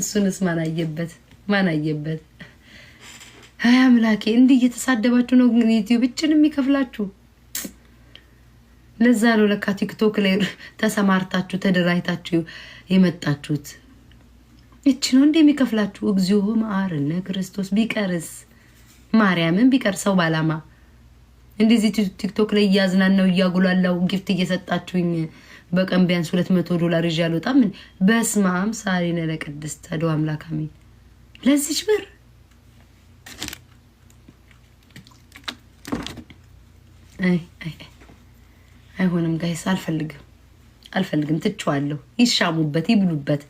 እሱንስ ማን አየበት? ማን አየበት? አይ አምላኬ፣ እንዲህ እየተሳደባችሁ ነው ግን ዩቲዩብችን የሚከፍላችሁ። ለዛ ነው ለካ ቲክቶክ ላይ ተሰማርታችሁ ተደራጅታችሁ የመጣችሁት። ይቺ ነው እንዲህ የሚከፍላችሁ። እግዚኦ መሐረነ ክርስቶስ። ቢቀርስ ማርያምን ቢቀር ሰው ባላማ እንደዚህ ቲክቶክ ላይ እያዝናናው እያጉላላው ጊፍት እየሰጣችሁኝ በቀን ቢያንስ ሁለት መቶ ዶላር ይዤ አልወጣም። ምን በስማም ሳሪነ ለቅድስት ተዶ አምላክ አሜን። ለዚች ብር አይሆንም ጋይስ፣ አልፈልግም አልፈልግም፣ ትችዋለሁ። ይሻሙበት፣ ይብሉበት።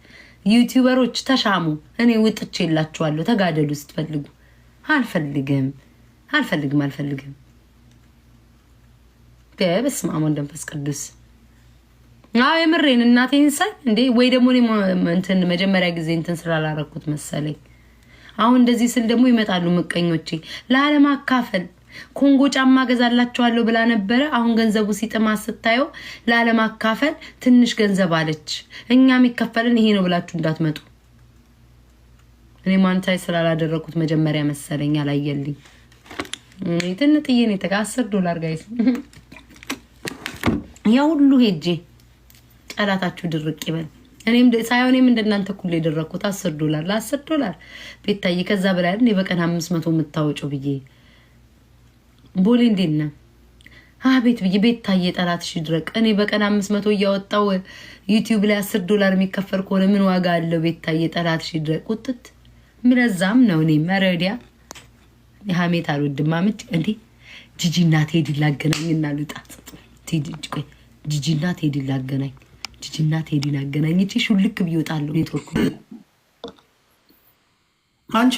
ዩቲዩበሮች ተሻሙ። እኔ ውጥቼ የላችኋለሁ። ተጋደሉ ስትፈልጉ። አልፈልግም አልፈልግም አልፈልግም በስመ አብ ወወልድ ወመንፈስ ቅዱስ። አዎ የምሬን እናቴን ሳይ እንዴ ወይ ደግሞ እንትን መጀመሪያ ጊዜ እንትን ስላላረኩት መሰለኝ። አሁን እንደዚህ ስል ደግሞ ይመጣሉ ምቀኞቼ። ለዓለም አካፈል ኮንጎ ጫማ ገዛላቸዋለሁ ብላ ነበረ። አሁን ገንዘቡ ሲጥማ ስታየው ለዓለም አካፈል ትንሽ ገንዘብ አለች። እኛ የሚከፈልን ይሄ ነው ብላችሁ እንዳትመጡ። እኔ ማንታይ ስላላደረኩት መጀመሪያ መሰለኝ አላየልኝ። ትንጥዬ ነው የተጋ አስር ዶላር ጋይስ ያ ሁሉ ሄጄ ጠላታችሁ ድርቅ ይበል። እኔም ሳይሆን እኔም እንደናንተ እኩል የደረግኩት አስር ዶላር ለአስር ዶላር ቤታዬ፣ ከዛ በላይ እኔ በቀን አምስት መቶ የምታወጪው ብዬ ቦሌ እንዴት ነህ አቤት ብዬ ቤታዬ፣ ጠላትሽ ድረቅ። እኔ በቀን አምስት መቶ እያወጣው ዩቲዩብ ላይ አስር ዶላር የሚከፈል ከሆነ ምን ዋጋ አለው? ቤታዬ፣ ጠላትሽ ድረቅ። ቁጥት ምለዛም ነው። እኔ መረዲያ ሀሜት አልወድም። ማምድ እንዴ ጂጂና ቴዲ ላገናኝና ልውጣ ቴዲ ቆይ ጂጂና ቴዲን ላገናኝ፣ ጂጂና ቴዲን እቺ ሹልክ ብዬ እወጣለሁ ኔትወርኩ አንቺ